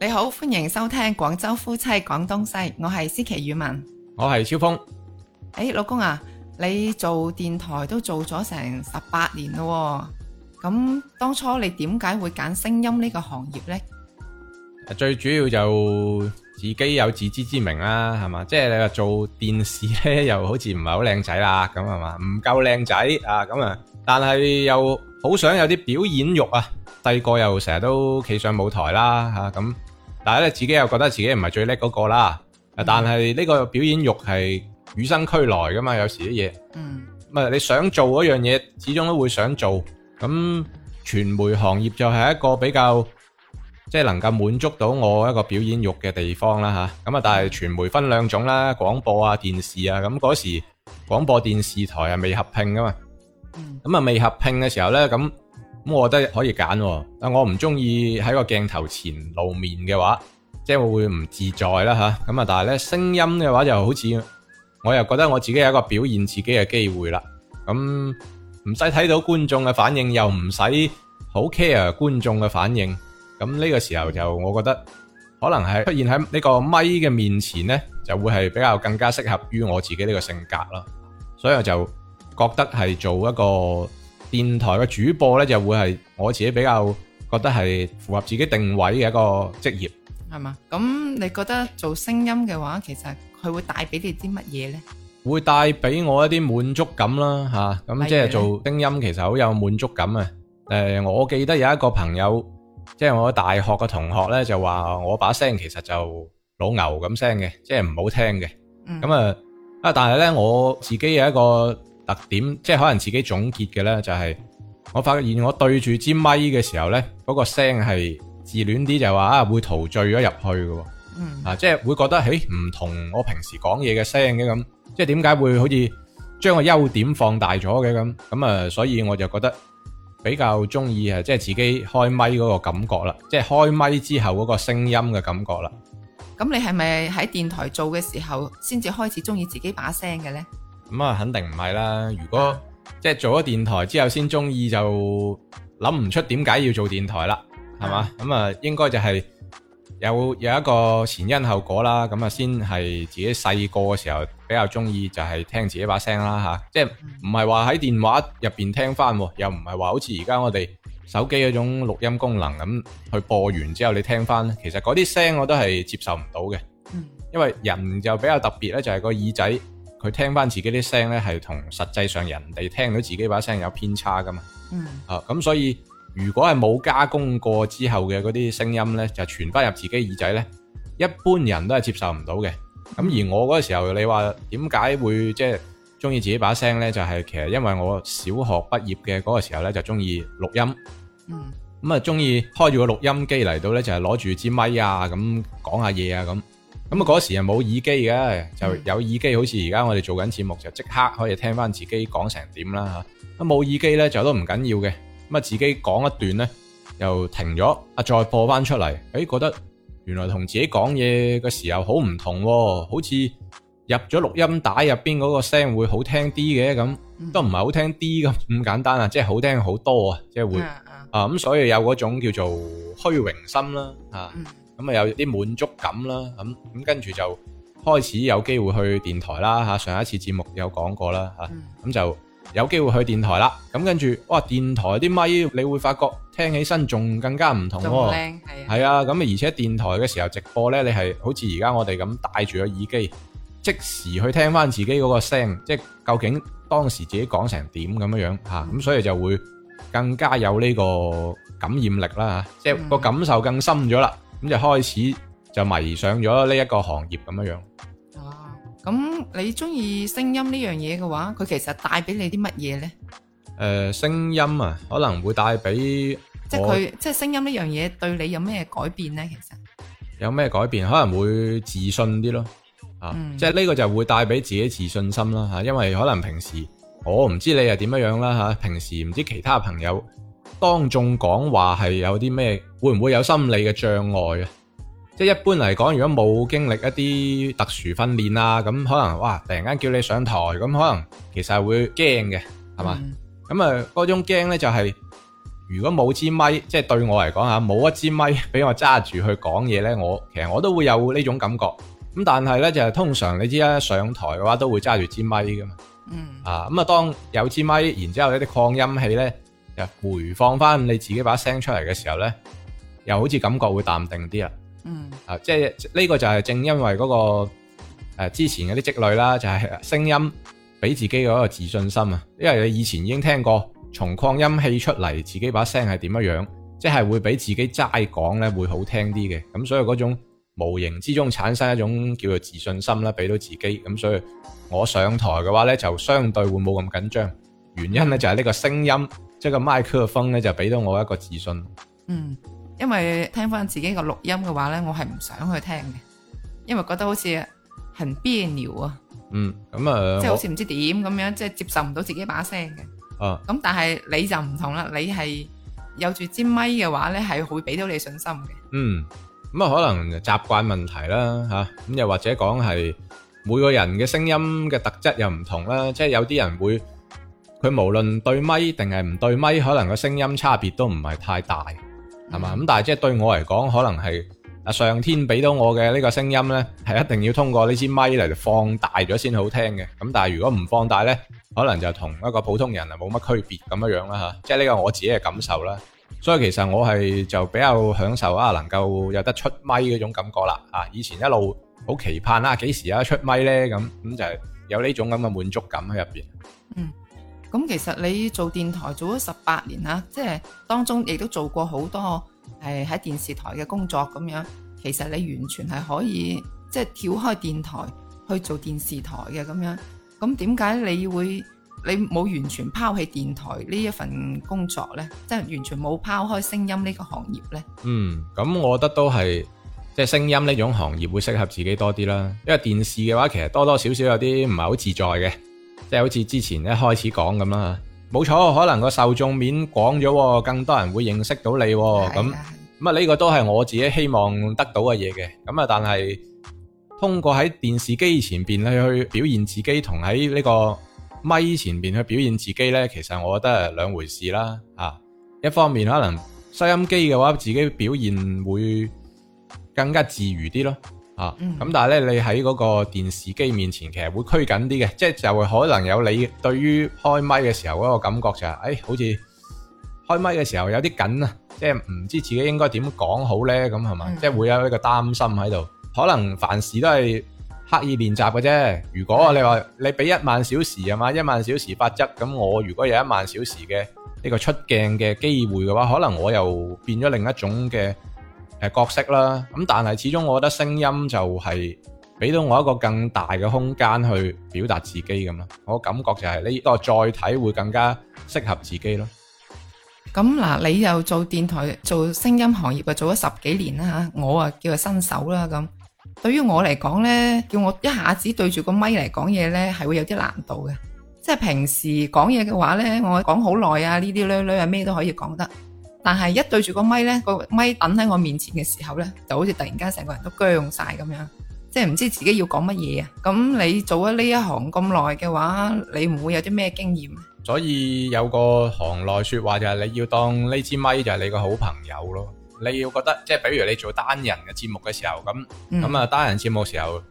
你好，歡迎收聽廣州夫妻講東西，我係思琪語文，我係超風。誒，老公啊，你做電台都做咗成十八年咯，咁當初你點解會揀聲音呢個行業咧？最主要就自己有自知之明啦，係嘛，即係你話做電視咧，又好似唔係好靚仔啦，咁係嘛，唔夠靚仔啊，咁啊，但係又好想有啲表演欲啊，細個又成日都企上舞台啦，吓咁。但係咧，自己又覺得自己唔係最叻嗰個啦。但係呢個表演慾係與生俱來噶嘛，有時啲嘢。嗯。咪你想做嗰樣嘢，始終都會想做。咁傳媒行業就係一個比較，即係能夠滿足到我一個表演慾嘅地方啦，嚇。咁啊，但係傳媒分兩種啦，廣播啊、電視啊。咁嗰時廣播電視台啊未合併噶嘛。嗯。咁啊，未合併嘅時候咧，咁。咁我覺得可以揀，但我唔中意喺個鏡頭前露面嘅話，即係會唔自在啦吓。咁啊，但係咧聲音嘅話，就好似我又覺得我自己有一個表現自己嘅機會啦。咁唔使睇到觀眾嘅反應，又唔使好 care 觀眾嘅反應。咁呢個時候就我覺得可能係出現喺呢個咪嘅面前呢，就會係比較更加適合於我自己呢個性格啦。所以我就覺得係做一個。電台嘅主播咧，就會係我自己比較覺得係符合自己定位嘅一個職業，係嘛？咁你覺得做聲音嘅話，其實佢會帶俾你啲乜嘢咧？會帶俾我一啲滿足感啦，吓咁即係做聲音其實好有滿足感啊！誒，我記得有一個朋友，即係我大學嘅同學咧，就話我把聲其實就老牛咁聲嘅，即係唔好聽嘅。咁啊啊，但係咧我自己有一個。特點即係可能自己總結嘅咧，就係我發現我對住支咪嘅時候呢，嗰、那個聲係自戀啲，就係話啊會陶醉咗入去嘅喎，嗯、啊即係會覺得誒唔、欸、同我平時講嘢嘅聲嘅咁，即係點解會好似將個優點放大咗嘅咁咁啊？所以我就覺得比較中意啊，即係自己開咪嗰個感覺啦，即係開咪之後嗰個聲音嘅感覺啦。咁你係咪喺電台做嘅時候先至開始中意自己把聲嘅呢？咁啊，肯定唔係啦。如果即係、就是、做咗電台之後先中意，就諗唔出點解要做電台啦，係嘛？咁啊， 應該就係有有一個前因後果啦。咁啊，先係自己細個嘅時候比較中意，就係聽自己把聲啦吓、啊。即係唔係話喺電話入邊聽翻，又唔係話好似而家我哋手機嗰種錄音功能咁去播完之後你聽翻。其實嗰啲聲我都係接受唔到嘅，嗯、因為人就比較特別咧，就係、是、個耳仔。佢聽翻自己啲聲咧，係同實際上人哋聽到自己把聲有偏差㗎嘛。嗯。Mm. 啊，咁所以如果係冇加工過之後嘅嗰啲聲音咧，就傳翻入自己耳仔咧，一般人都係接受唔到嘅。咁而我嗰時候，你話點解會即係中意自己把聲咧？就係、是、其實因為我小學畢業嘅嗰個時候咧，就中意錄音。嗯。咁啊，中意開住個錄音機嚟到咧，就係攞住支咪咪啊，咁講下嘢啊，咁。咁啊，嗰、嗯、時又冇耳機嘅，就有耳機，好似而家我哋做緊節目就即刻可以聽翻自己講成點啦，吓。啊，冇耳機呢，就都唔緊要嘅。咁啊，自己講一段呢，又停咗，啊再播翻出嚟，誒、欸、覺得原來同自己講嘢嘅時候好唔同，啊、好似入咗錄音帶入邊嗰個聲會好聽啲嘅，咁、啊、都唔係、就是、好聽啲咁咁簡單啊，即係好聽好多啊，即係會啊咁，所以有嗰種叫做虛榮心啦，吓、啊。嗯咁啊有啲滿足感啦，咁咁跟住就開始有機會去電台啦嚇，上一次節目有講過啦嚇，咁、嗯、就有機會去電台啦，咁跟住哇電台啲咪，你會發覺聽起身仲更加唔同，係啊，係啊，咁啊而且電台嘅時候直播呢，你係好似而家我哋咁戴住個耳機，即時去聽翻自己嗰個聲，即係究竟當時自己講成點咁樣樣嚇，咁、嗯啊、所以就會更加有呢個感染力啦，即係、嗯、個感受更深咗啦。咁就開始就迷上咗呢一個行業咁樣樣、哦。啊，咁你中意聲音呢樣嘢嘅話，佢其實帶俾你啲乜嘢呢？誒、呃，聲音啊，可能會帶俾我，即係佢，即係聲音呢樣嘢對你有咩改變呢？其實有咩改變？可能會自信啲咯。嗯、啊，即係呢個就會帶俾自己自信心啦。嚇，因為可能平時我唔知你係點樣樣啦。嚇、啊，平時唔知其他朋友。當眾講話係有啲咩，會唔會有心理嘅障礙啊？即係一般嚟講，如果冇經歷一啲特殊訓練啊，咁可能哇，突然間叫你上台，咁可能其實係會驚嘅，係嘛？咁啊，嗯，嗰種驚呢，就係如果冇支咪，即係對我嚟講吓，冇一支咪俾我揸住去講嘢呢，我其實我都會有呢種感覺。咁但係呢，就係通常你知啦，上台嘅話都會揸住支咪噶嘛。嗯。啊，咁啊，當有支咪，然之後有一啲擴音器呢。回放翻你自己把聲出嚟嘅時候呢，又好似感覺會淡定啲、嗯、啊。嗯、就、啊、是，即係呢個就係正因為嗰、那個誒、呃、之前嗰啲積累啦，就係、是、聲音俾自己嗰個自信心啊。因為你以前已經聽過從擴音器出嚟自己把聲係點樣樣，即係會俾自己齋講呢，會好聽啲嘅。咁所以嗰種無形之中產生一種叫做自信心啦，俾到自己咁。所以我上台嘅話呢，就相對會冇咁緊張。原因呢，嗯、就係呢個聲音。即係個麥克風咧，就俾到我一個自信。嗯，因為聽翻自己個錄音嘅話咧，我係唔想去聽嘅，因為覺得好似很別扭啊。嗯、咁、嗯、啊，即係好似唔知點咁樣，即係接受唔到自己把聲嘅。啊，咁但係你就唔同啦，你係有住支咪嘅話咧，係會俾到你信心嘅。嗯、咁、嗯、啊、嗯嗯，可能習慣問題啦、吓、啊、咁又或者講係每個人嘅聲音嘅特質又唔同啦，即係有啲人會。佢無論對咪定係唔對咪，可能個聲音差別都唔係太大，係嘛？咁但係即係對我嚟講，可能係啊上天俾到我嘅呢個聲音呢，係一定要通過呢支咪嚟放大咗先好聽嘅。咁但係如果唔放大呢，可能就同一個普通人啊冇乜區別咁樣樣啦吓，即係呢個我自己嘅感受啦。所以其實我係就比較享受啊，能夠有得出咪嗰種感覺啦。啊，以前一路好期盼啦，啊，幾時有得出咪呢？咁咁就係有呢種咁嘅滿足感喺入邊。嗯。咁其實你做電台做咗十八年啦，即係當中亦都做過好多誒喺電視台嘅工作咁樣。其實你完全係可以即係跳開電台去做電視台嘅咁樣。咁點解你會你冇完全拋棄電台呢一份工作咧？即係完全冇拋開聲音呢個行業咧？嗯，咁我覺得都係即係聲音呢種行業會適合自己多啲啦。因為電視嘅話，其實多多少少有啲唔係好自在嘅。即係好似之前一開始講咁啦，冇錯，可能個受眾面廣咗，更多人會認識到你咁。咁啊呢個都係我自己希望得到嘅嘢嘅。咁啊，但係通過喺電視機前邊去去表現自己，同喺呢個咪前邊去表現自己咧，其實我覺得係兩回事啦。嚇，啊，一方面可能收音機嘅話，自己表現會更加自如啲咯。啊，咁但係咧，你喺嗰個電視機面前，其實會拘謹啲嘅，即係就會可能有你對於開咪嘅時候嗰個感覺就係、是，誒、哎、好似開咪嘅時候有啲緊啊，即係唔知自己應該點講好呢。咁係嘛，嗯、即係會有一個擔心喺度。可能凡事都係刻意練習嘅啫。如果你話你俾一萬小時啊嘛，一萬小時法則，咁我如果有一萬小時嘅呢個出鏡嘅機會嘅話，可能我又變咗另一種嘅。誒，角色啦，咁但係始終我覺得聲音就係俾到我一個更大嘅空間去表達自己咁啊，我感覺就係呢個載體會更加適合自己咯。咁嗱、嗯，你又做電台做聲音行業啊，做咗十幾年啦吓、啊，我啊叫做新手啦咁、啊。對於我嚟講咧，叫我一下子對住個咪嚟講嘢咧，係會有啲難度嘅。即係平時講嘢嘅話咧，我講好耐啊，呢啲女女啊，咩都可以講得。但係一對住個咪，呢個咪等喺我面前嘅時候呢，就好似突然間成個人都僵晒咁樣，即係唔知自己要講乜嘢啊！咁你做咗呢一行咁耐嘅話，你唔會有啲咩經驗？所以有個行內說話就係你要當呢支咪就係你個好朋友咯，你要覺得即係，比如你做單人嘅節目嘅時候，咁咁啊單人節目嘅時候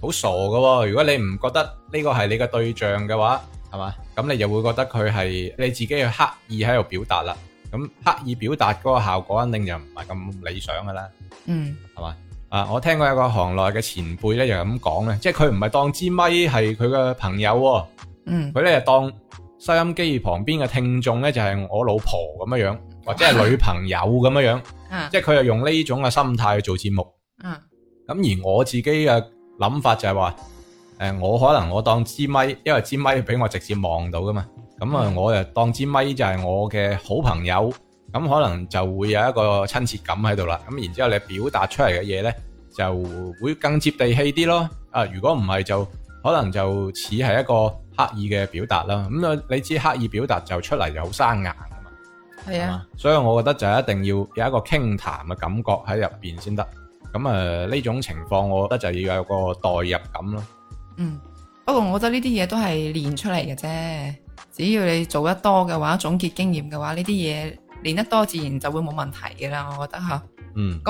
好傻噶，哦，如果你唔覺得呢個係你嘅對象嘅話，係嘛？咁你就會覺得佢係你自己去刻意喺度表達啦。咁刻意表達嗰個效果，肯定就唔係咁理想噶啦。嗯，係嘛？啊，我聽過一個行內嘅前輩咧，就咁講咧，即係佢唔係當支咪，係佢嘅朋友，哦。嗯，佢咧就當收音機旁邊嘅聽眾咧，就係、是、我老婆咁樣樣，或者係女朋友咁樣樣。啊、即係佢係用呢種嘅心態去做節目。嗯、啊，咁而我自己嘅諗法就係話，誒、呃，我可能我當支咪，ai, 因為支咪俾我直接望到噶嘛。咁啊、嗯，我又當支咪就係我嘅好朋友，咁可能就會有一個親切感喺度啦。咁然之後你表達出嚟嘅嘢咧，就會更接地氣啲咯。啊，如果唔係就可能就似係一個刻意嘅表達啦。咁、嗯、啊，你知刻意表達就出嚟就好生硬啊嘛。係啊，所以我覺得就一定要有一個傾談嘅感覺喺入邊先得。咁啊，呢、呃、種情況我覺得就要有個代入感咯。嗯，不過我覺得呢啲嘢都係練出嚟嘅啫。只要你做得多嘅話，總結經驗嘅話，呢啲嘢練得多，自然就會冇問題嘅啦。我覺得吓，嗯，